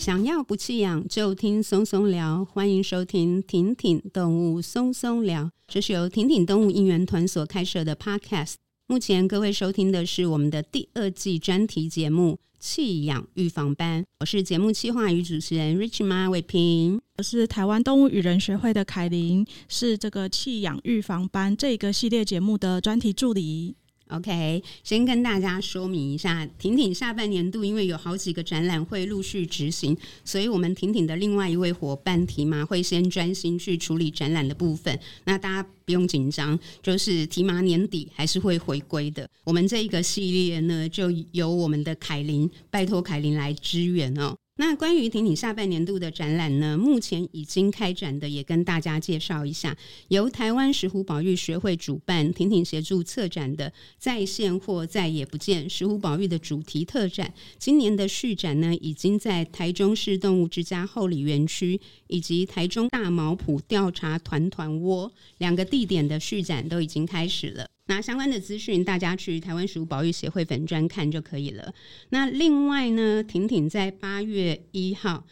想要不棄養，就聽鬆鬆聊。歡迎收聽《挺挺動物鬆鬆聊》，這是由挺挺動物應援團所開設的 Podcast。目前各位收聽的是我們的第二季專題節目《棄養預防班》，我是節目企劃與主持人 Rich 馬偉蘋；我是台灣動物與人學會的愷羚，是這個棄養預防班這個系列節目的專題助理。OK，先跟大家說明一下，挺挺下半年度因為有好幾個展覽會陸續執行，所以我們挺挺的另外一位夥伴提麻會先專心去處理展覽的部分，那大家不用緊張，就是提麻年底還是會回歸的。我們這一個系列呢，就由我們的愷羚拜托愷羚來支援哦、喔。那關於挺挺下半年度的展覽呢，目前已經開展的也跟大家介紹一下，由台灣石虎保育學會主辦，挺挺協助策展的“再現或再也不見石虎保育”的主題特展，今年的續展呢，已經在台中市動物之家后里園區以及台中大茅埔調查團團窩兩個地點的續展都已經開始了。拿相關的資訊，大家去台灣食物保育協會粉專看就可以了。那另外呢，挺挺在八月一號。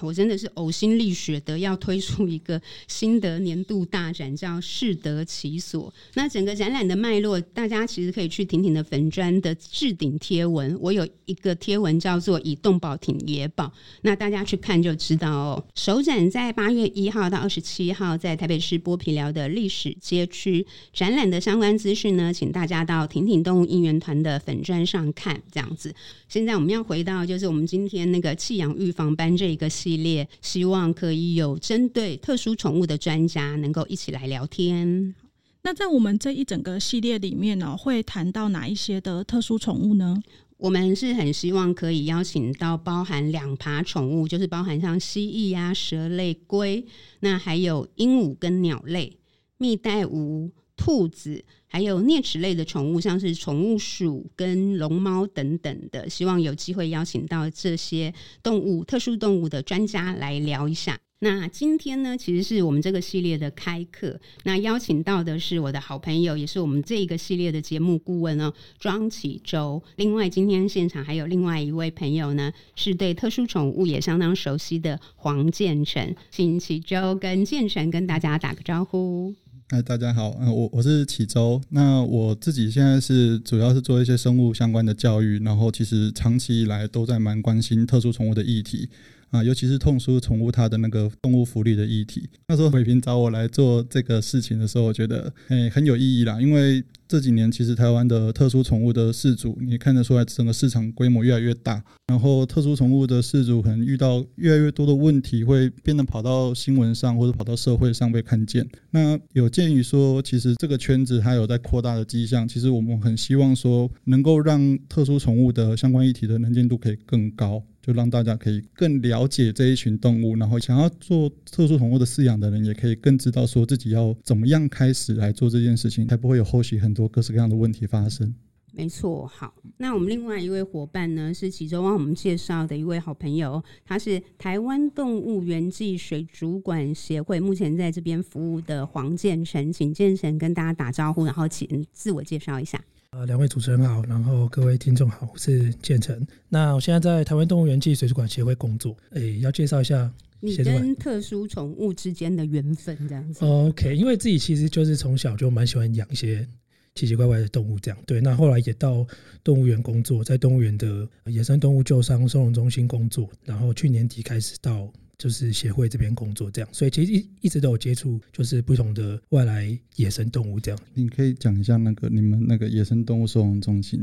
我真的是嘔心瀝血的要推出一個新的年度大展，叫適得其所。那整個展覽的脈絡，大家其實可以去挺挺的粉專的置頂貼文，我有一個貼文叫做“以動保挺野保”，那大家去看就知道哦。首展在八月一號到二十七號，在台北市剝皮寮的歷史街區。展覽的相關資訊呢，請大家到挺挺動物應援團的粉專上看。這樣子，現在我們要回到就是我們今天那個棄養預防班這一個。系列希望可以有針對特殊寵物的專家能夠一起來聊天。那在我們這一整個系列裡面呢、哦，會談到哪一些的特殊寵物呢？我們是很希望可以邀請到包含兩爬寵物，就是包含像蜥蜴呀、啊、蛇類、龜，那還有鸚鵡跟鳥類、蜜袋鼯。兔子，還有齧齒類的寵物，像是寵物鼠跟龍貓等等的，希望有機會邀請到這些動物、特殊動物的專家來聊一下。那今天呢，其實是我們這個系列的開課，那邀請到的是我的好朋友，也是我們這一個系列的節目顧問哦、喔，莊棨州。另外，今天現場還有另外一位朋友呢，是對特殊寵物也相當熟悉的黃建宸。請棨州跟建宸跟大家打個招呼。哎，大家好，嗯，我我是棨州，那我自己現在是主要是做一些生物相關的教育，然後其實長期以來都在蠻關心特殊寵物的議題。啊，尤其是痛書寵物它的那個動物福利的議題。那時候偉蘋找我來做這個事情的時候，我覺得誒、欸、很有意義啦，因為這幾年其實台灣的特殊寵物的飼主，你看得出來整個市場規模越來越大，然後特殊寵物的飼主可能遇到越來越多的問題，會變得跑到新聞上或者跑到社會上被看見。那有鑑於說，其實這個圈子它有在擴大的跡象，其實我們很希望說，能夠讓特殊寵物的相關議題的能見度可以更高。就讓大家可以更了解這一群動物，然後想要做特殊寵物的飼養的人，也可以更知道說自己要怎麼樣開始來做這件事情，才不會有後續很多各式各樣的問題發生。沒錯，好，那我們另外一位夥伴呢，是棨州幫我們介紹的一位好朋友，他是台灣動物園暨水族館協會，目前在這邊服務的黃建宸。請建宸跟大家打招呼，然後請自我介紹一下。啊，兩位主持人好，然後各位聽眾好，我是建宸。那我現在在台灣動物園暨水族館協會工作，誒，要介紹一下你跟特殊寵物之間的緣分這樣子。OK，因為自己其實就是從小就蠻喜歡養一些奇奇怪怪的動物這樣，對。那後來也到動物園工作，在動物園的野生動物救傷收容中心工作，然後去年底開始到就是協會這邊工作這樣，所以其實一一直都有接觸，就是不同的外來野生動物這樣。你可以講一下那個你們那個野生動物收容中心，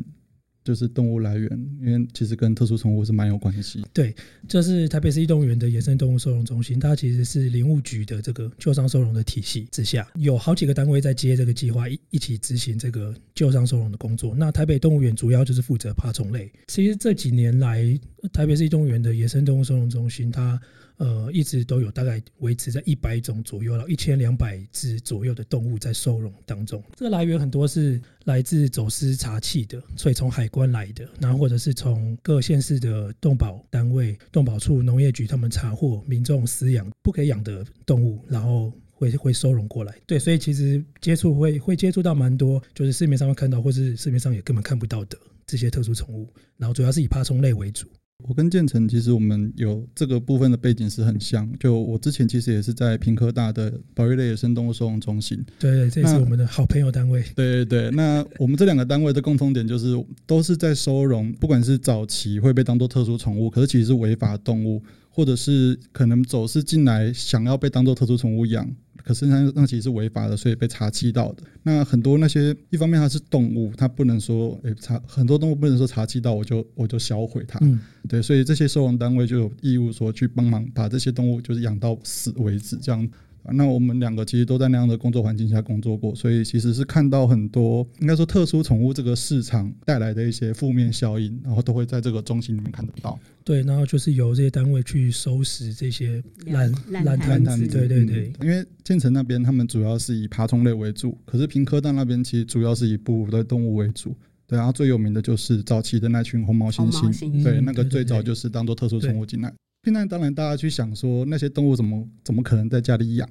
就是動物來源，因為其實跟特殊寵物是蠻有關係。對，這是台北市一動物園的野生動物收容中心，它其實是林務局的這個救傷收容的體系之下，有好幾個單位在接這個計劃一一起執行這個救傷收容的工作。那台北動物園主要就是負責爬蟲類。其實這幾年來，台北市一動物園的野生動物收容中心，它呃，一直都有大概維持在一百種左右，然後，一千兩百隻左右的動物在收容當中。這個來源很多是來自走私查緝的，所以從海關來的，然後或者是從各縣市的動保單位、動保處、農業局他們查獲民眾飼養不可以養的動物，然後會會收容過來。對，所以其實接觸會會接觸到蠻多，就是市面上會看到，或是市面上也根本看不到的這些特殊寵物。然後主要是以爬蟲類為主。我跟建宸其實我們有這個部分的背景是很像，就我之前其實也是在屏科大的保育類野生動物收容中心。對。對，這是我們的好朋友單位。對對對，那我們這兩個單位的共同點就是都是在收容， 不管是早期會被當作特殊寵物，可是其實是違法動物。或者是可能走私進來，想要被當做特殊寵物養，可是那那其實是違法的，所以被查緝到的。那很多那些一方面它是動物，它不能說，誒、欸、查很多動物不能說查緝到我就我就銷毀它，對，所以這些收容單位就有義務說去幫忙把這些動物就是養到死為止，這樣。那我們兩個其實都在那樣的工作環境下工作過，所以其實是看到很多應該說特殊寵物這個市場帶來的一些負面效應，然後都會在這個中心裡面看得到。對，然後就是由這些單位去收拾這些爛爛攤子。對對對，對，對。因為建宸那邊他們主要是以爬蟲類為主，可是屏科大那邊其實主要是以哺乳的動物為主。對，然後最有名的就是早期的那群紅毛猩猩紅毛猩猩。對、嗯，那個最早就是當做特殊寵物進來。現在當然，大家去想說那些動物怎麼怎麼可能在家裡養？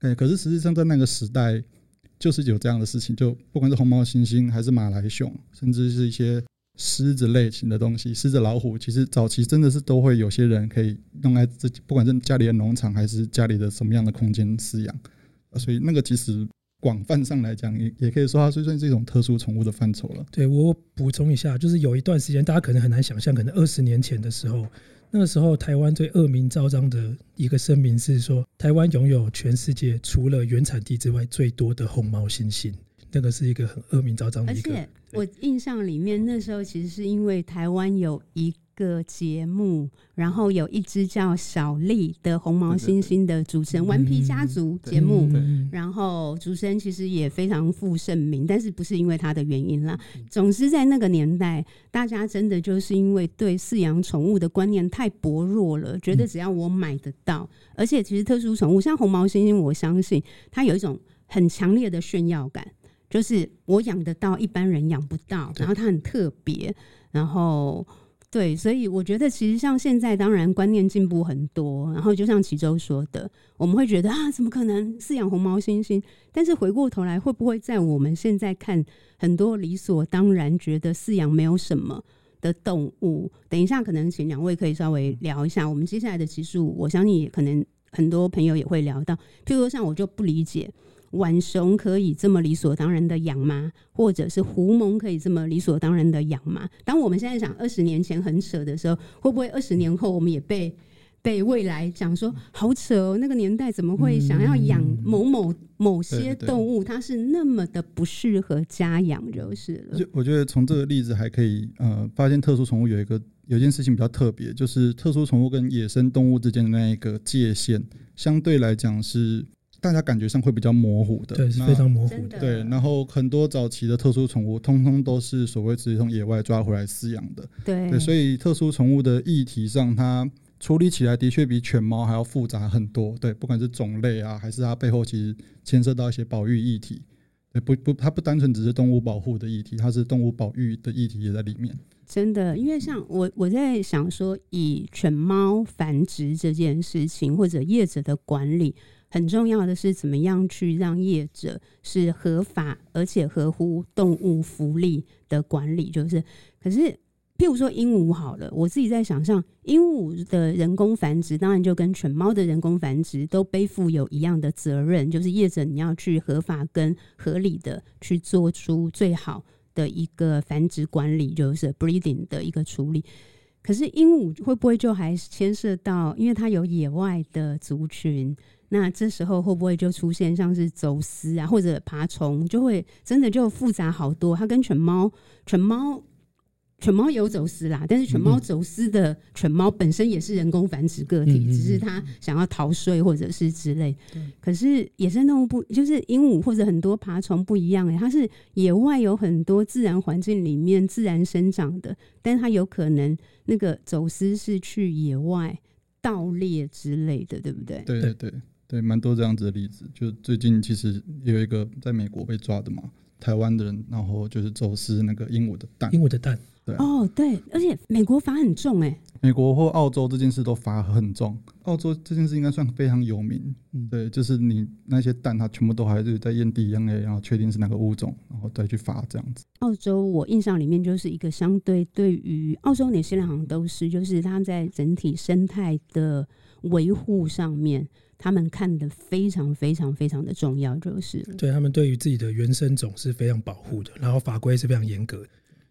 哎、欸，可是實際上在那個時代，就是有這樣的事情，就不管是紅毛猩猩，還是馬來熊，甚至是一些獅子類型的東西，獅子、老虎，其實早期真的是都會有些人可以用來自己，不管是家裡的農場，還是家裡的什麼樣的空間飼養。所以那個其實廣泛上來講，也也可以說它算算是一種特殊寵物的範疇了。對，我補充一下，就是有一段時間，大家可能很難想象，可能二十年前的時候。那個時候，台灣最惡名昭彰的一個聲明是說，台灣擁有全世界除了原產地之外最多的紅毛猩猩。那個是一個很惡名昭彰。而且我印象裡面，那時候其實是因為台灣有一個個節目，然後有一只叫小麗的紅毛猩猩的主持人《頑皮家族》節目，然後主持人其實也非常負盛名，但是不是因為他的原因啦。總之，在那個年代，大家真的就是因為對飼養寵物的觀念太薄弱了，覺得只要我買得到，嗯、而且其實特殊寵物像紅毛猩猩，我相信它有一種很強烈的炫耀感，就是我養得到，一般人養不到，然後它很特別，然後。對，所以我覺得其實像現在，當然觀念進步很多。然後就像棨州說的，我們會覺得啊，怎麼可能飼養紅毛猩猩？但是回過頭來，會不會在我們現在看很多理所當然，覺得飼養沒有什麼的動物？等一下，可能請兩位可以稍微聊一下。我們接下來的其實我相信也可能很多朋友也會聊到。譬如說，像我就不理解。浣熊可以這麼理所當然的養嗎？或者是狐獴可以這麼理所當然的養嗎？當我們現在想二十年前很扯的時候，會不會二十年後我們也被被未來講說好扯哦？那個年代怎麼會想要養某、某某某些動物？嗯、它是那麼的不適合家養，就是了。我覺得從這個例子還可以呃發現，特殊寵物有一個有一件事情比較特別，就是特殊寵物跟野生動物之間的那一個界限，相對來講是。大家感覺上會比較模糊的，對，是非常模糊的。那，對，然後很多早期的特殊寵物，通通都是所謂直接從野外抓回來飼養的，對，對。所以特殊寵物的議題上，它處理起來的確比犬貓還要複雜很多。對，不管是種類啊，還是它背後其實牽涉到一些保育議題，對，不不，它不單純只是動物保護的議題，它是動物保育的議題也在裡面。真的，因為像我我在想說，以犬貓繁殖這件事情或者業者的管理。很重要的是，怎麼樣去讓業者是合法而且合乎動物福利的管理，就是。可是，譬如說鸚鵡好了，我自己在想像，像鸚鵡的人工繁殖，當然就跟犬貓的人工繁殖都背負有一樣的責任，就是業者你要去合法跟合理的去做出最好的一個繁殖管理，就是 breeding 的一個處理。可是鸚鵡會不會就還牽涉到，因為它有野外的族群？那這時候會不會就出現像是走私啊，或者爬蟲就會真的就複雜好多？它跟犬貓、犬貓、犬貓有走私啦，但是犬貓走私的犬貓本身也是人工繁殖個體，嗯嗯嗯嗯，只是它想要逃稅或者是之類。對可是野生動物不就是鸚鵡或者很多爬蟲不一樣誒、欸？它是野外有很多自然環境裡面自然生長的，但是它有可能那個走私是去野外盜獵之類的，對不對？對對對。對，蠻多這樣子的例子，就最近其實有一個在美國被抓的嘛，台灣的人，然後就是走私那個鸚鵡的蛋。鸚鵡的蛋，對哦、啊，oh, 對，而且美國罰很重，哎，美國或澳洲這件事都罰很重。澳洲這件事應該算非常有名，嗯，對，就是你那些蛋，它全部都還是在驗 DNA、欸、然後確定是哪個物種，然後再去罰這樣子。澳洲我印象裡面就是一個相對對於澳洲，哪些好像都是，就是它在整體生態的維護上面。他們看得非常非常非常的重要，就是對他們對於自己的原生種是非常保護的，然後法規是非常嚴格的，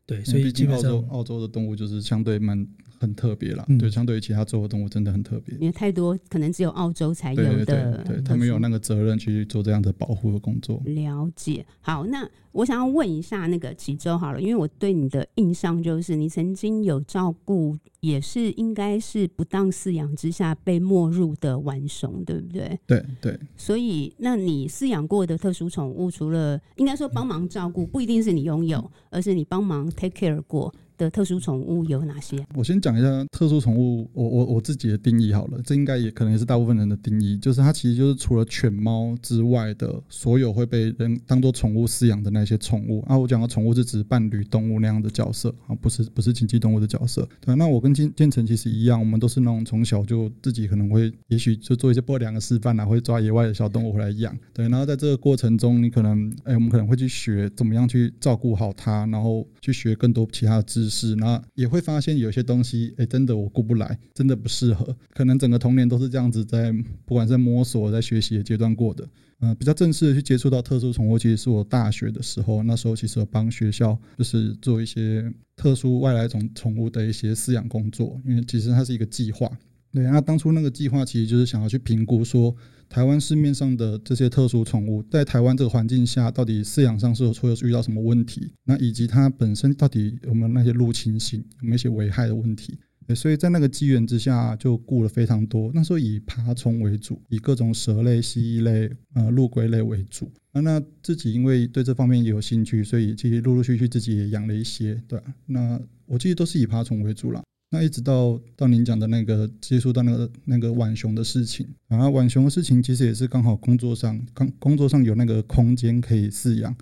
對，所以基本上澳洲的動物就是相對蠻很特別啦，嗯、對，相對於其他洲的動物，真的很特別。因為太多可能只有澳洲才有的，對他們有那個責任去做這樣的保護的工作。了解。好，那我想要問一下那個棨州好了，因為我對你的印象就是你曾經有照顧，也是應該是不當飼養之下被沒入的浣熊，對不對？對對。對，所以，那你飼養過的特殊寵物，除了應該說幫忙照顧，嗯、不一定是你擁有，而是你幫忙 take care 過。的特殊寵物有哪些？我先講一下特殊寵物我，我我我自己的定義好了，這應該也可能也是大部分人的定義，就是它其實就是除了犬貓之外的所有會被人當做寵物飼養的那些寵物啊。我講到寵物是指伴侶動物那樣的角色啊，不，不是不是經濟動物的角色。對、啊，那我跟建建宸其實一樣，我們都是那種從小就自己可能會也許就做一些不良的示範啦，會抓野外的小動物回來養。對，然後在這個過程中，你可能哎、欸，我們可能會去學怎麼樣去照顧好它，然後去學更多其他的知識。是，那也會發現有些東西，哎、欸，真的我顧不來，真的不適合，可能整個童年都是這樣子在，不管是在摸索、在學習的階段過的、呃。嗯，比較正式的去接觸到特殊寵物，其實是我大學的時候，那時候其實有幫學校，就是做一些特殊外來種寵物的一些飼養工作，因為其實它是一個計劃。對，那當初那個計劃其實就是想要去評估說，台灣市面上的這些特殊寵物，在台灣這個環境下，到底飼養上是否有又是遇到什麼問題？那以及它本身到底有沒有那些入侵性、有沒有一些危害的問題？所以在那個機緣之下，就顧了非常多。那時候以爬蟲為主，以各種蛇類、蜥蜴類、呃，陸龜類為主。那那自己因為對這方面也有興趣，所以其實陸陸續續自己也養了一些，對、啊、那我記得都是以爬蟲為主啦。那一直到到您講的那個接觸到那個那個浣熊的事情、啊，然後浣熊的事情其實也是剛好工作上剛工作上有那個空間可以飼養，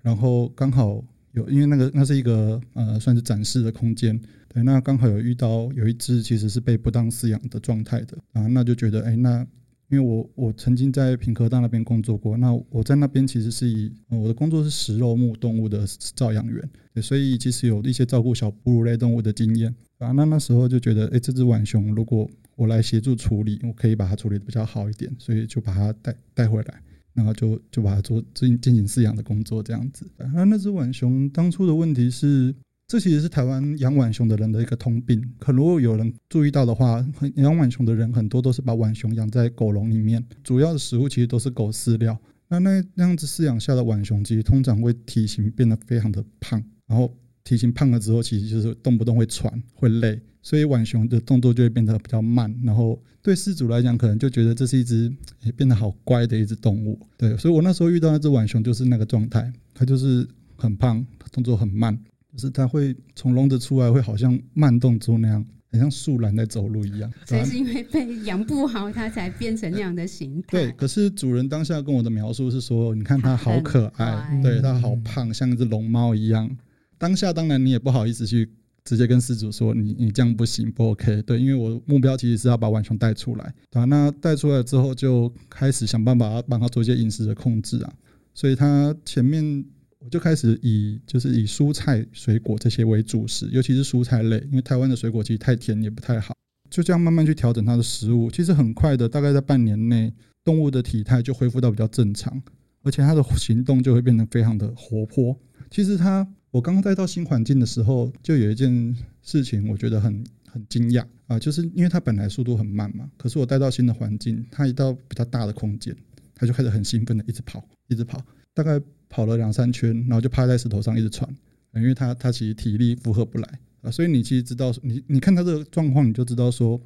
然後剛好有因為那個那是一個呃算是展示的空間，對，那剛好有遇到有一隻其實是被不當飼養的狀態的啊，那就覺得哎、欸、那。因為我我曾經在屏科大那邊工作過，那我在那邊其實是以我的工作是食肉目動物的照養員，所以其實有一些照顧小哺乳類動物的經驗啊。那那時候就覺得，哎、欸，這只浣熊如果我來協助處理，我可以把它處理得比較好一點，所以就把它帶帶回來，然後就就把它做進進行飼養的工作這樣子。那那只浣熊當初的問題是，這其實是台灣養浣熊的人的一個通病。可如果有人注意到的話，養浣熊的人很多都是把浣熊養在狗籠裡面，主要的食物其實都是狗飼料。那那那樣子飼養下的浣熊，其實通常會體型變得非常的胖，然後體型胖了之後，其實就是動不動會喘，會累，所以浣熊的動作就會變得比較慢。然後對飼主來講，可能就覺得這是一只也變得好乖的一只動物。對，所以我那時候遇到那只浣熊就是那個狀態，它就是很胖，它動作很慢。就是它會從籠子出來，會好像慢動作那樣，很像樹懶在走路一樣。所以是因為被養不好，它才變成那樣的形態。對，可是主人當下跟我的描述是說，你看它好可愛，嗯嗯對，它好胖，像一隻龍貓一樣。嗯嗯、當下當然你也不好意思去直接跟飼主說，你你這樣不行，不 OK。對，因為我目標其實是要把浣熊帶出來。啊，那帶出來之後就開始想辦法幫它做一些飲食的控制啊。所以它前面。我就開始以就是以蔬菜、水果這些為主食，尤其是蔬菜類，因為台灣的水果其實太甜也不太好。就這樣慢慢去調整它的食物，其實很快的，大概在半年內，動物的體態就恢復到比較正常，而且它的行動就會變得非常的活潑。其實它，我剛剛帶到新環境的時候，就有一件事情我覺得很很驚訝啊，就是因為它本來速度很慢嘛，可是我帶到新的環境，它一到比較大的空間，它就開始很興奮的一直跑，一直跑，大概。跑了兩三圈，然後就趴在石頭上一直喘，因為他他其實體力負荷不來啊，所以你其實知道，你你看他這個狀況，你就知道說，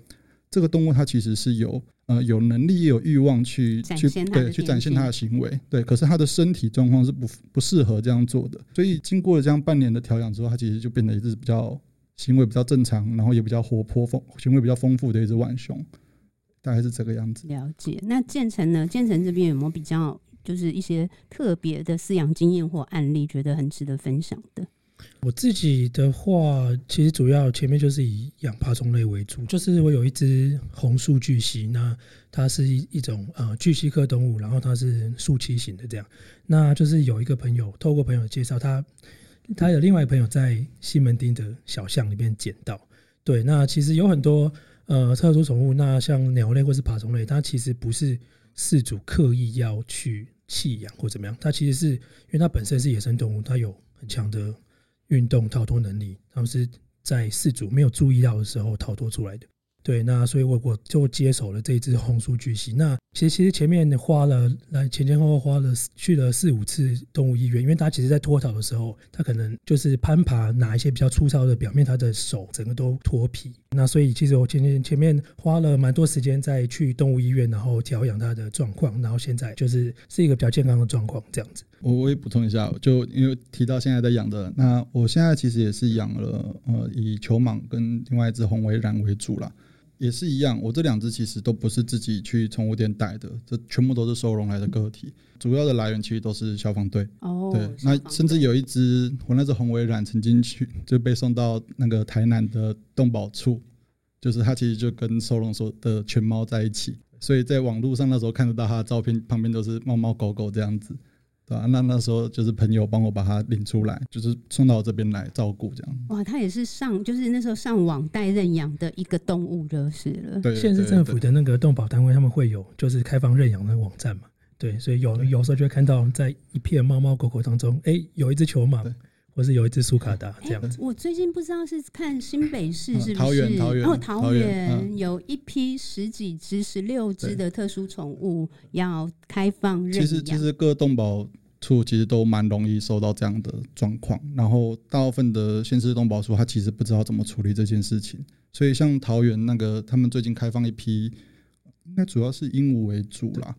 這個動物它其實是有呃有能力也有慾望去去對去展現它的行為，對，可是它的身體狀況是不不適合這樣做的，所以經過了這樣半年的調養之後，它其實就變得一隻比較行為比較正常，然後也比較活潑豐行為比較豐富的一隻浣熊，大概是這個樣子。了解。那建宸呢？建宸這邊有沒有比較？就是一些特別的飼養經驗或案例，覺得很值得分享的。我自己的話，其實主要前面就是以養爬蟲類為主，就是我有一隻紅樹巨蜥，那它是一一種呃巨蜥科動物，然後它是樹棲型的這樣。那就是有一個朋友透過朋友的介紹，他他有另外一個朋友在西門町的小巷裡面撿到。對，那其實有很多呃特殊寵物，那像鳥類或是爬蟲類，它其實不是飼主刻意要去。棄養或怎麼樣？它其實是因為它本身是野生動物，它有很強的運動逃脫能力，它們是在飼主沒有注意到的時候逃脫出來的。對，那所以，我我就接手了這一只紅樹巨蜥。那其實，其實前面花了來前前後後花了去了四五次動物醫院，因為它其實在脫逃的時候，它可能就是攀爬那一些比較粗糙的表面，它的手整個都脫皮。那所以，其實我前前前面花了蠻多時間在去動物醫院，然後調養它的狀況。然後現在就是是一個比較健康的狀況這樣子。我我也補充一下，就因為提到現在在養的，那我現在其實也是養了呃以球蟒跟另外一只紅尾蚺為主啦。也是一樣，我這兩只其實都不是自己去寵物店帶的，這全部都是收容來的個體，主要的來源其實都是消防隊。哦，對，那甚至有一只我那只紅尾蚺曾經去就被送到那個台南的動保處，就是它其實就跟收容所的犬貓在一起，所以在網路上那時候看得到它的照片，旁邊都是貓貓狗狗這樣子。對吧、啊？那那時候就是朋友幫我把它領出來，就是送到我這邊來照顧這樣。哇，它也是上，就是那時候上網待認養的一個動物就是了。對，現在政府的那個動保單位他們會有，就是開放認養的網站嘛？對，所以有對有時候就會看到在一片貓貓狗狗當中，哎，有一隻球蟒。或是有一隻蘇卡達這樣子，欸。我最近不知道是看新北市，是不是？啊，桃園桃園有一批十幾隻、十六隻的特殊寵物要開放認養。其實其實各動保處其實都蠻容易受到這樣的狀況，然後大，大部分的縣市動保處他其實不知道怎麼處理這件事情，所以像桃園那個他們最近開放一批，應該主要是鸚鵡為主啦。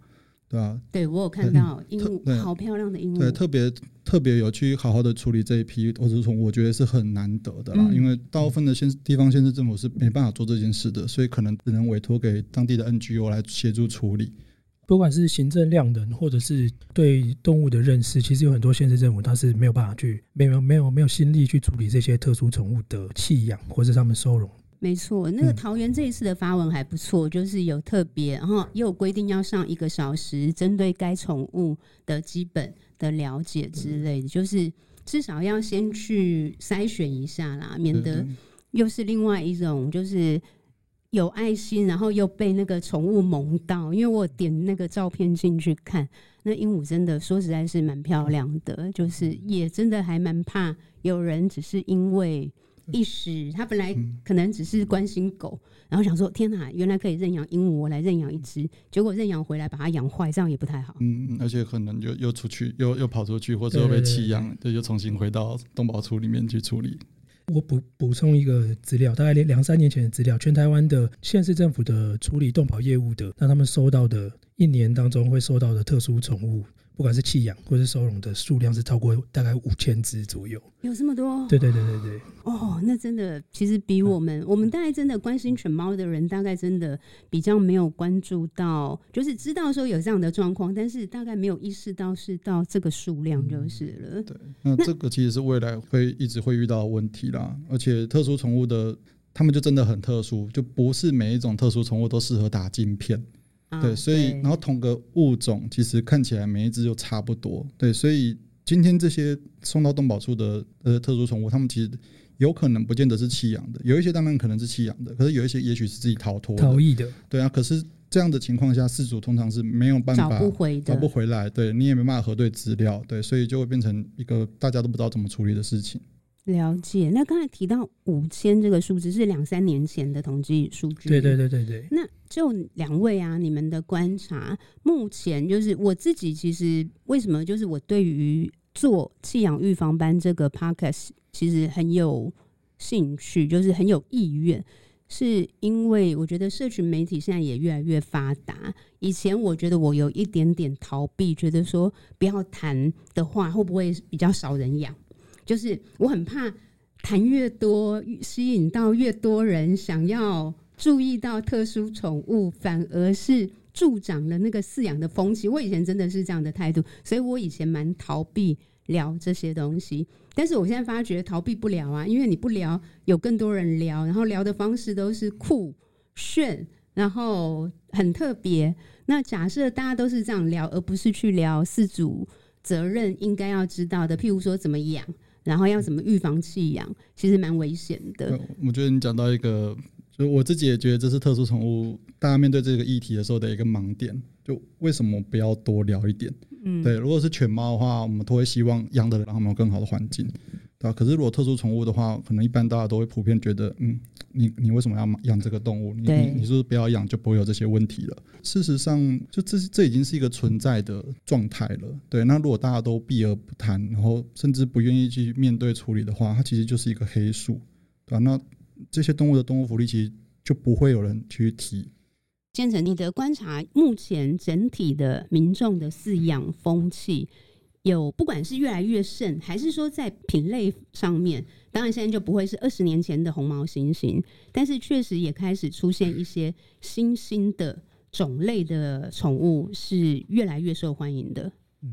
對吧？對，我有看到鸚鵡，好漂亮的鸚鵡。對，特別特別有去好好的處理這一批，我是從我覺得是很難得的啦。嗯，因為大部分的縣地方縣市政府是沒辦法做這件事的，所以可能只能委托給當地的 NGO 來協助處理。不管是行政量能，或者是對動物的認識，其實有很多縣市政府它是沒有辦法去沒有沒有沒有沒有心力去處理這些特殊寵物的棄養，或者是他們收容。沒錯，那個桃園這一次的發文還不錯，嗯、就是有特別哈，然後，也有規定要上一個小時，針對該寵物的基本的了解之類的，嗯、就是至少要先去篩選一下啦，免得又是另外一種就是有愛心，然後又被那個寵物萌到。因為我點那個照片進去看，那鸚鵡真的說實在是蠻漂亮的，就是也真的還蠻怕有人只是因為。一時，他本來可能只是關心狗，嗯、然後想說，天哪，原來可以認養鸚鵡，我來認養一隻。結果認養回來，把它養壞，這樣也不太好。嗯，而且可能又又出去，又又跑出去，或者又被棄養，對對對對，就又重新回到動保處裡面去處理。我補補充一個資料，大概兩兩三年前的資料，全台灣的縣市政府的處理動保業務的，那他們收到的，一年當中會收到的特殊寵物。不管是棄養或是收容的數量是超過大概五千只左右，有這麼多？對對對對對。哦，那真的其實比我們，我們大概真的關心犬貓的人，大概真的比較沒有關注到，就是知道說有這樣的狀況，但是大概沒有意識到是到這個數量就是了、嗯。對，那這個其實是未來會一直會遇到的問題啦，而且特殊寵物的，他們就真的很特殊，就不是每一種特殊寵物都適合打晶片。對，所以然後同個物種，其實看起來每一隻又差不多。對，所以今天這些送到動保處的呃特殊寵物，他們其實有可能不見得是棄養的，有一些當然可能是棄養的，可是有一些也許是自己逃脫逃逸的。對啊，可是這樣的情況下，失主通常是沒有辦法找不回找不回來，對你也沒辦法核對資料，對，所以就會變成一個大家都不知道怎麼處理的事情。了解，那剛才提到五千這個數字是兩三年前的統計數據。對對對對對，對。那就兩位啊，你們的觀察，目前就是我自己，其實為什麼就是我對於做棄養預防班這個 podcast 其實很有興趣，就是很有意願，是因為我覺得社群媒體現在也越來越發達。以前我覺得我有一點點逃避，覺得說不要談的話，會不會比較少人養？就是我很怕談越多，吸引到越多人想要注意到特殊寵物，反而是助長了那個飼養的風氣。我以前真的是這樣的態度，所以我以前蠻逃避聊這些東西。但是我現在發覺逃避不了啊，因為你不聊，有更多人聊，然後聊的方式都是酷炫，然後很特別。那假設大家都是這樣聊，而不是去聊飼主責任應該要知道的，譬如說怎麼養。然後要怎麼預防棄養，嗯、其實蠻危險的。我覺得你講到一個，就我自己也覺得這是特殊寵物，大家面對這個議題的時候的一個盲點，就為什麼不要多聊一點？嗯、對，如果是犬貓的話，我們都會希望養的人他們有更好的環境。啊、可是如果特殊寵物的話，可能一般大家都會普遍覺得，嗯，你你為什麼要養這個動物？你對你是不是不要養就不會有這些問題了？事實上，就這這已經是一個存在的狀態了。對，那如果大家都避而不談，然後甚至不願意去面對處理的話，它其實就是一個黑數。對、啊，那這些動物的動物福利其實就不會有人去提。建宸，你的觀察，目前整體的民眾的飼養風氣。有不管是越來越盛，還是說在品類上面，當然現在就不會是二十年前的紅毛猩猩，但是確實也開始出現一些新興的種類的寵物是越來越受歡迎的。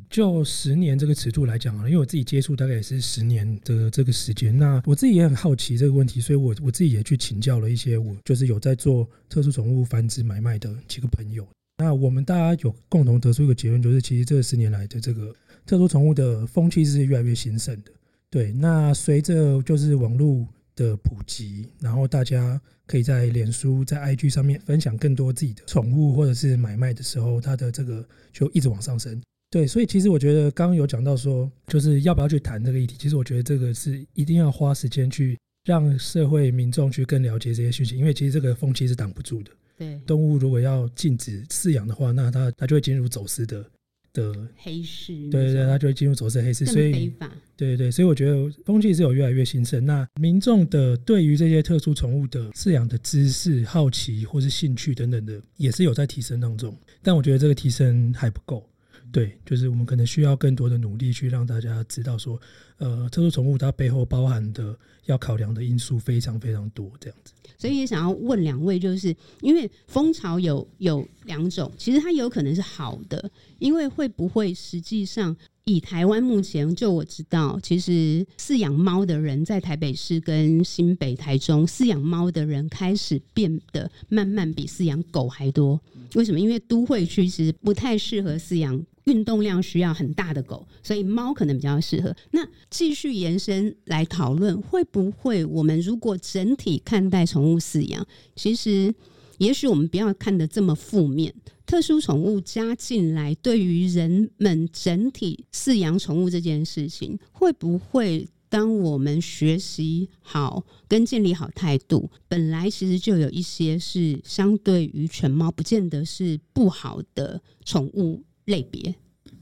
就十年這個尺度來講啊，因為我自己接觸大概也是十年的這個時間，那我自己也很好奇這個問題，所以我我自己也去請教了一些我就是有在做特殊寵物繁殖買賣的幾個朋友。那我們大家有共同得出一個結論，就是其實這十年來的這個特殊寵物的風氣是越來越興盛的。對，那隨着就是網絡的普及，然後大家可以在臉書、在 IG 上面分享更多自己的寵物或者是買賣的時候，它的這個就一直往上升。對，所以其實我覺得剛剛有講到說，就是要不要去談這個議題。其實我覺得這個是一定要花時間去讓社會民眾去更了解這些事情，因為其實這個風氣是擋不住的。對，動物如果要禁止飼養的話，那它它就會進入走私的的黑市石。對對對，它就會進入走私的黑市，所以非法。對對對，所以我覺得風氣是有越來越興盛。那民眾的對於這些特殊寵物的飼養的知識、好奇或是興趣等等的，也是有在提升當中。但我覺得這個提升還不夠。對，就是我們可能需要更多的努力去讓大家知道說，呃，特殊寵物它背後包含的要考量的因素非常非常多，這樣子。所以也想要問兩位，就是因為風潮有有兩種，其實它有可能是好的，因為會不會實際上，以台灣目前就我知道，其實飼養貓的人在台北市跟新北、台中飼養貓的人開始變得慢慢比飼養狗還多。為什麼？因為都會區其實不太適合飼養運動量需要很大的狗，所以貓可能比較適合。那繼續延伸來討論，會不會我們如果整體看待？寵物飼養，其實也許我們不要看得這麼負面。特殊寵物加進來，對於人們整體飼養寵物這件事情，會不會當我們學習好跟建立好態度，本來其實就有一些是相對於犬貓，不見得是不好的寵物類別。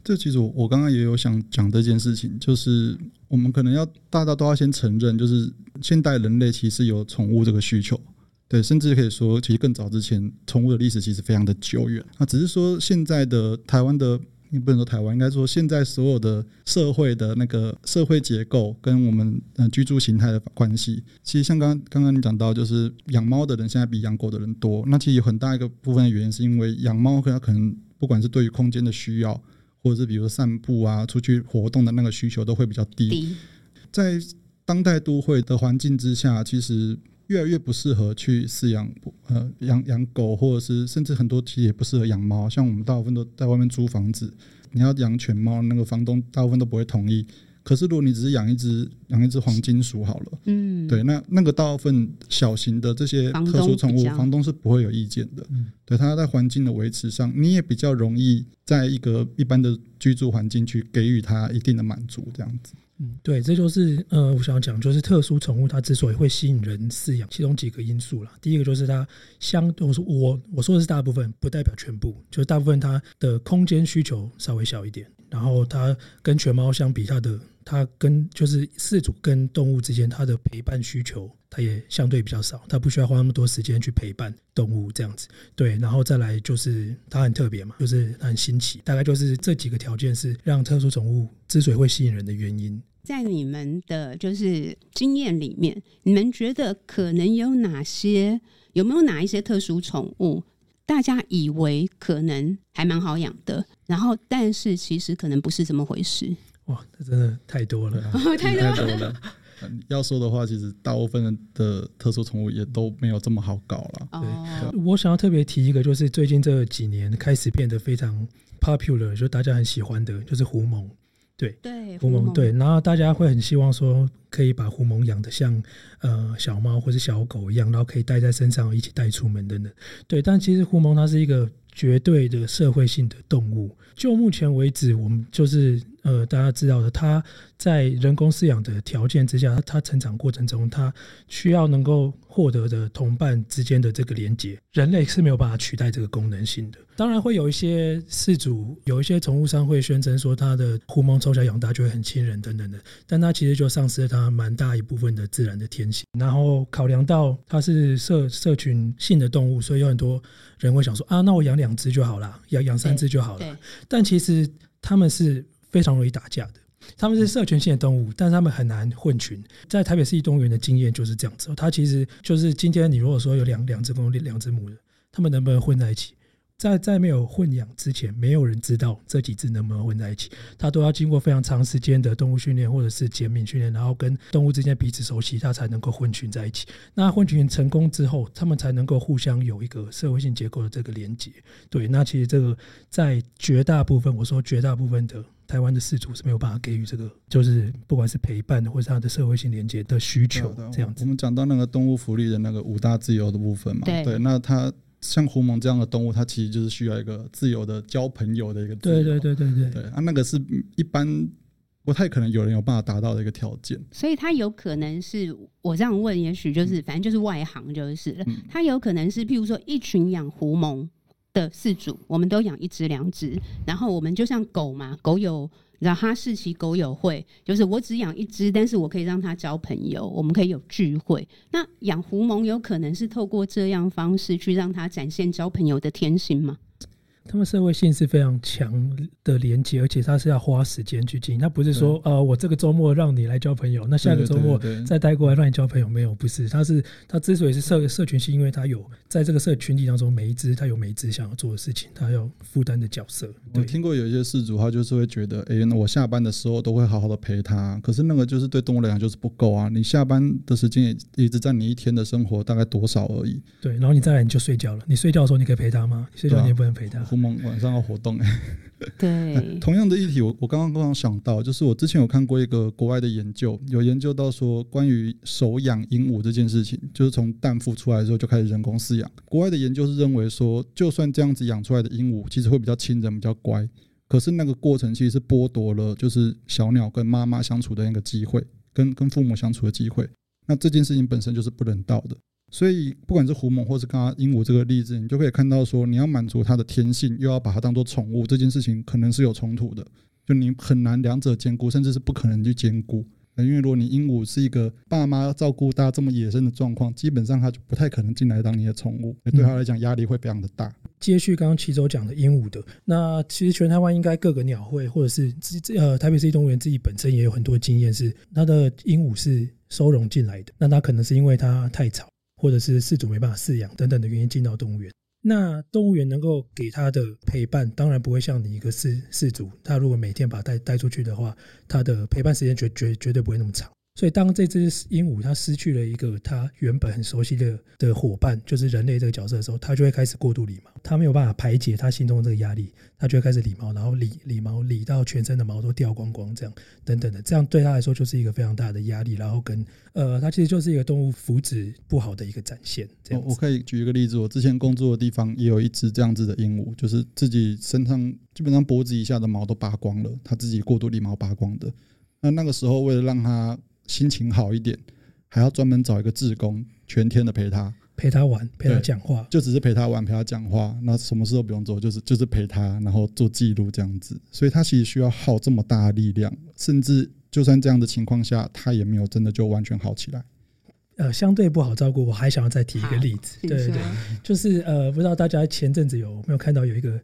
這其實我我剛剛也有想講這件事情，就是我們可能要大家都要先承認，就是。現代人類其實有寵物這個需求，對，甚至可以說，其實更早之前，寵物的歷史其實非常的久遠。那只是說，現在的台灣的，不能說台灣，應該說現在所有的社會的那個社會結構跟我們呃居住形態的關係，其實像剛剛剛你講到，就是養貓的人現在比養狗的人多。那其實有很大一個部分的原因，是因為養貓它可能不管是對於空間的需要，或者是比如說散步啊、出去活動的那個需求都會比較低，在當代都會的環境之下，其實越來越不適合去飼養，呃，養養狗或者是甚至很多企業也不適合養貓。像我們大部分都在外面租房子，你要養犬貓，那個房東大部分都不會同意。可是如果你只是養一隻養一隻黃金鼠好了，嗯，對，那那個大部分小型的這些特殊寵物，房東，房東是不會有意見的。嗯，對，它在環境的維持上，你也比較容易在一個一般的居住環境去給予它一定的滿足，這樣子。嗯，對，這就是呃，我想要講就是特殊寵物它之所以會吸引人飼養，其中幾個因素啦。第一個就是它相，我說我我說的是大部分，不代表全部，就是大部分它的空間需求稍微小一點，然後它跟犬貓相比，它的它跟就是飼主跟動物之間它的陪伴需求，它也相對比較少，它不需要花那麼多時間去陪伴動物這樣子。對，然後再來就是它很特別嘛，就是它很新奇，大概就是這幾個條件是讓特殊寵物之所以會吸引人的原因。在你們的就是經驗裡面，你們覺得可能有哪些？有沒有哪一些特殊寵物，大家以為可能還蠻好養的，然後但是其實可能不是這麼回事？哇，這真的太多了，啊嗯哦，太多了。要說的話，其實大部分的特殊寵物也都沒有這麼好搞了。對對我想要特別提一個，就是最近這幾年開始變得非常 popular，就大家很喜歡的就是狐獴。對對，狐獴對，然後大家會很希望說可以把狐獴養的像呃小貓或是小狗一樣，然後可以帶在身上，一起帶出門等等。對，但其實狐獴它是一個絕對的社會性的動物，就目前為止，我們就是。呃，大家知道的，它在人工飼養的條件之下，它成長過程中，它需要能夠獲得的同伴之間的這個連接，人類是沒有辦法取代這個功能性的。當然會有一些飼主，有一些寵物商會宣稱說，它的狐獴從小養大就會很親人等等的，但它其實就喪失了它蠻大一部分的自然的天性。然後考量到它是社社群性的動物，所以有很多人會想說，啊，那我養兩隻就好啦，養養三隻就好了。但其實他們是。非常容易打架的，他們是社群性的動物，嗯、但他們很難混群。在台北市立動物園的經驗就是這樣子、哦，它其實就是今天你如果說有兩兩隻公的、兩只母的，他們能不能混在一起？在在沒有混養之前，沒有人知道這幾只能不能混在一起。它都要經過非常長時間的動物訓練或者是減敏訓練，然後跟動物之間彼此熟悉，它才能夠混群在一起。那混群成功之後，他們才能夠互相有一個社會性結構的這個連接。對，那其實這個在絕大部分，我說絕大部分的。台灣的飼主是沒有辦法給予這個，就是不管是陪伴的或是他的社會性連接的需求，這樣子。我們講到那個動物福利的那個五大自由的部分嘛，對，對，那它，像狐獴這樣的動物，它其實就是需要一個自由的交朋友的一個自由，對，對對對對對，對，它、啊、那個是一般不太可能有人有辦法達到的一個條件。所以它有可能是我這樣問，也許就是反正就是外行就是、嗯、它有可能是譬如說一群養狐獴。的四組，我們都養一隻、兩隻，然後我們就像狗嘛，狗有你知道哈士奇狗友會，就是我只養一隻，但是我可以讓它交朋友，我們可以有聚會。那養狐獴有可能是透過這樣方式去讓它展現交朋友的天性嗎？他們社會性是非常強的連接，而且他是要花時間去經營。他不是說，對呃，我這個周末讓你來交朋友，那下個周末再帶過來讓你交朋友，沒有，不是。他是他之所以是社社群，是因為他有在這個社群體當中，每一只他有每一只想要做的事情，他有負擔的角色。我聽過有一些飼主，他就是會覺得，哎、欸，那我下班的時候都會好好的陪他，可是那個就是對動物來講就是不夠啊。你下班的時間也一直占你一天的生活大概多少而已？對，然後你再來你就睡覺了，你睡覺的時候你可以陪他嗎？你睡覺你也不能陪他。晚上要活動誒， 對，同樣的議題，我我剛剛剛剛想到，就是我之前有看過一個國外的研究，有研究到說，關於手養鸚鵡這件事情，就是從蛋孵出來之後就開始人工飼養。國外的研究是認為說，就算這樣子養出來的鸚鵡，其實會比較親人、比較乖，可是那個過程其實是剝奪了就是小鳥跟媽媽相處的那個機會，跟跟父母相處的機會。那這件事情本身就是不人道的。所以，不管是狐獴，或是剛剛鸚鵡這個例子，你就可以看到說，你要滿足它的天性，又要把它當做寵物，這件事情可能是有衝突的，就你很難兩者兼顧，甚至是不可能去兼顧。那因為如果你鸚鵡是一個爸媽要照顧，大家這麼野生的狀況，基本上它就不太可能進來當你的寵物，對它來講壓力會非常的大，嗯。接續剛剛棨州講的鸚鵡的，那其實全台灣應該各個鳥會，或者是自呃台北市動物園自己本身也有很多經驗，是它的鸚鵡是收容進來的，那它可能是因為它太吵。或者是飼主沒辦法飼養等等的原因，進到動物園，那動物園能夠給他的陪伴，當然不會像你一個飼飼主，他如果每天把他帶帶出去的話，他的陪伴時間絕絕絕對不會那麼長。所以，當這只鸚鵡它失去了一個它原本很熟悉的的夥伴，就是人類這個角色的時候，它就會開始過度理毛。它沒有辦法排解它心中的這個壓力，它就會開始理毛，然後理理毛理到全身的毛都掉光光，這樣等等的，這樣對它來說就是一個非常大的壓力。然後跟呃，它其實就是一個動物福祉不好的一個展現。這樣，我可以舉一個例子，我之前工作的地方也有一只這樣子的鸚鵡，就是自己身上基本上脖子以下的毛都拔光了，它自己過度理毛拔光的。那那個時候，為了讓它心情好一點，還要專門找一個志工全天的陪他，陪他玩，陪他講話，就只是陪他玩，陪他講話，那什麼事都不用做，就是就是陪他，然後做記錄這樣子。所以他其實需要耗這麼大的力量，甚至就算這樣的情況下，他也沒有真的就完全好起來。呃，相對不好照顧，我還想要再提一個例子，啊、對對對，就是呃，不知道大家前陣子有沒有看到有一個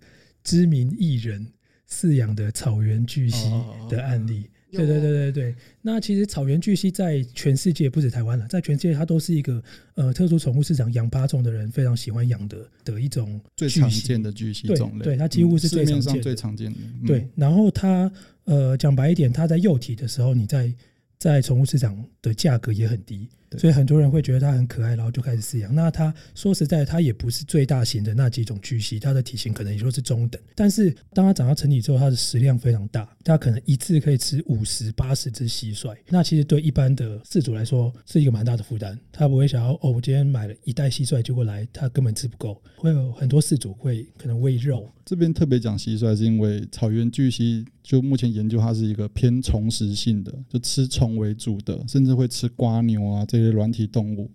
知名藝人飼養的草原巨蜥的案例。哦哦哦哦哦哦哦。對對對對對，那其實草原巨蜥在全世界不止台灣了，在全世界它都是一個呃特殊寵物市場養爬蟲的人非常喜歡養的的一種巨最常見的巨蜥種類，對，對它幾乎是最常見、嗯、市面上最常見的。嗯、對，然後它呃講白一點，它在幼體的時候，你在在寵物市場的價格也很低。對所以很多人會覺得它很可愛，然後就開始飼養。那它說實在，它也不是最大型的那幾種巨蜥，它的體型可能也就是中等。但是當它長到成體之後，它的食量非常大，它可能一次可以吃五十八十只蟋蟀。那其實對一般的飼主來說是一個蠻大的負擔。他不會想要哦，我今天買了一袋蟋蟀就過來，它根本吃不夠。會有很多飼主會可能餵肉。這邊特別講蟋蟀，是因為草原巨蜥就目前研究，它是一個偏蟲食性的，就吃蟲為主的，甚至會吃蝸牛啊這。這些軟體動物，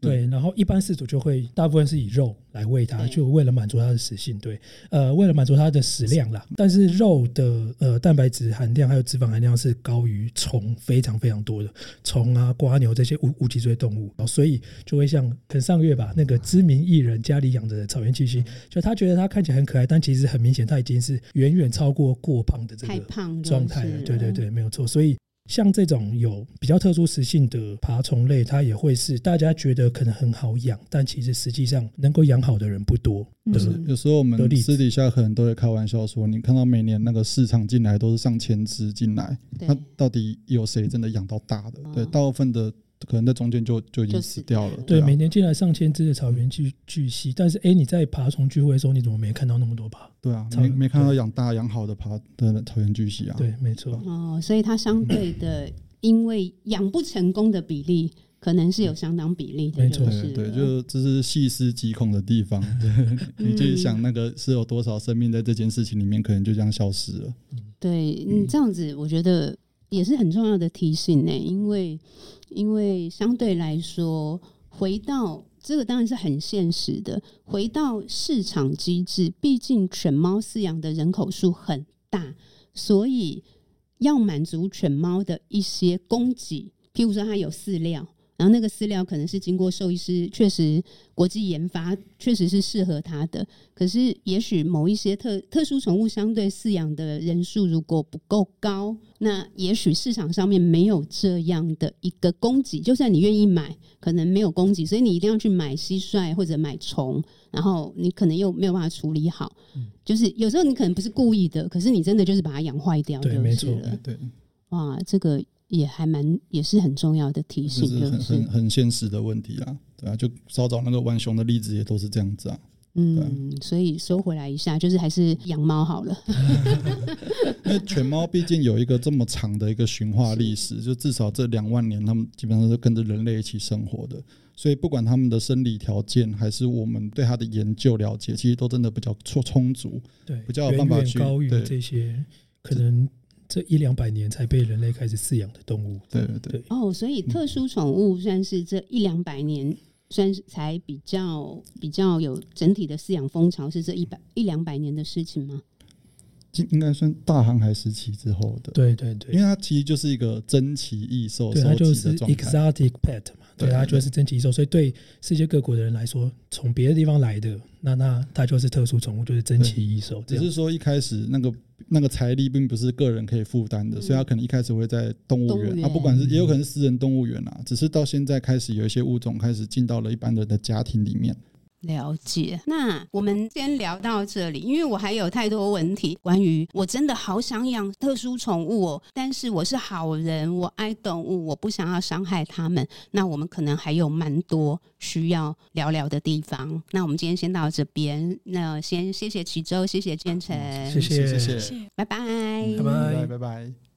對，對，然後一般飼主就會大部分是以肉來餵它，對就為了滿足它的食性，對，呃，為了滿足它的食量啦。是但是肉的呃蛋白質含量還有脂肪含量是高於蟲非常非常多的，蟲啊、蝸牛這些無無脊椎動物，然後所以就會像可能上個月吧，那個知名藝人家裡養的草原巨蜥，嗯、就他覺得他看起來很可愛，但其實很明顯他已經是遠遠超過過胖的這個狀態了。了對，對對對，沒有錯，所以。像這種有比較特殊習性的爬蟲類，它也會是大家覺得可能很好養，但其實實際上能夠養好的人不多。嗯，有時候我們私底下可能都會開玩笑說，你看到每年那個市場進來都是上千隻進來，那對到底有誰真的養到大的？哦、對，大部分的。可能在中間就就已經死掉了。就是、對，對啊，每年進來上千隻的草原巨巨蜥，但是哎、欸，你在爬蟲聚會的時候，你怎麼沒看到那麼多吧？對啊，原沒沒看到養大養好的爬的草原巨蜥啊？對，沒錯。哦，所以它相對的，因為養不成功的比例，可能是有相當比例的是對，沒錯，對，就這是細思極恐的地方。對，嗯、你就想，那個是有多少生命在這件事情裡面，可能就這樣消失了？對、嗯、你這樣子，我覺得。也是很重要的提醒呢，因為因為相對來說，回到這個當然是很現實的，回到市場機制，畢竟犬貓飼養的人口數很大，所以要滿足犬貓的一些供給，譬如說它有飼料。然後那個飼料可能是經過獸醫師確實國際研發，確實是適合它的。可是也許某一些特特殊寵物相對飼養的人數如果不夠高，那也許市場上面沒有這樣的一個供給。就算你願意買，可能沒有供給，所以你一定要去買蟋蟀或者買蟲。然後你可能又沒有辦法處理好，嗯、就是有時候你可能不是故意的，可是你真的就是把它養壞掉，對就是了，對，沒錯，對，哇，這個。也還蠻也是很重要的提醒，就是很很很現實的問題啊，對啊，就稍早那個浣熊的例子也都是這樣子啊，對啊嗯，所以收回來一下，就是還是養貓好了。 因為犬貓畢竟有一個這麼長的一個馴化歷史，是就至少這兩萬年，它們基本上是跟着人類一起生活的，所以不管它們的生理條件，還是我們對它的研究了解，其實都真的比較充充足，對，比較有辦法去遠遠高於這些對可能。這一兩百年才被人類開始飼養的動物，對對,對對。哦，oh, 所以特殊寵物算是這一兩百年，嗯、算是才比較比較有整體的飼養風潮，是這一百一兩百年的事情嗎？就應該算大航海時期之後的，對對對，因為它其實就是一個珍奇異獸，對，它就是 exotic pet 嘛，對，對對對對對它就是珍奇異獸，所以對世界各國的人來說，從別的地方來的，那那它就是特殊寵物，就是珍奇異獸。對這樣只是說一開始那個。那個財力並不是個人可以負擔的，所以他可能一開始會在動物園，啊，不管是也有可能是私人動物園啊，只是到現在開始有一些物種開始進到了一般人的家庭裡面。了解，那我們先聊到這裡，因為我還有太多問題。關於我真的好想養特殊寵物哦，但是我是好人，我愛動物，我不想要傷害他們。那我們可能還有蠻多需要聊聊的地方。那我們今天先到這邊，那先謝謝棨州，謝謝建宸，謝謝謝謝，拜拜拜拜拜拜。拜拜拜拜。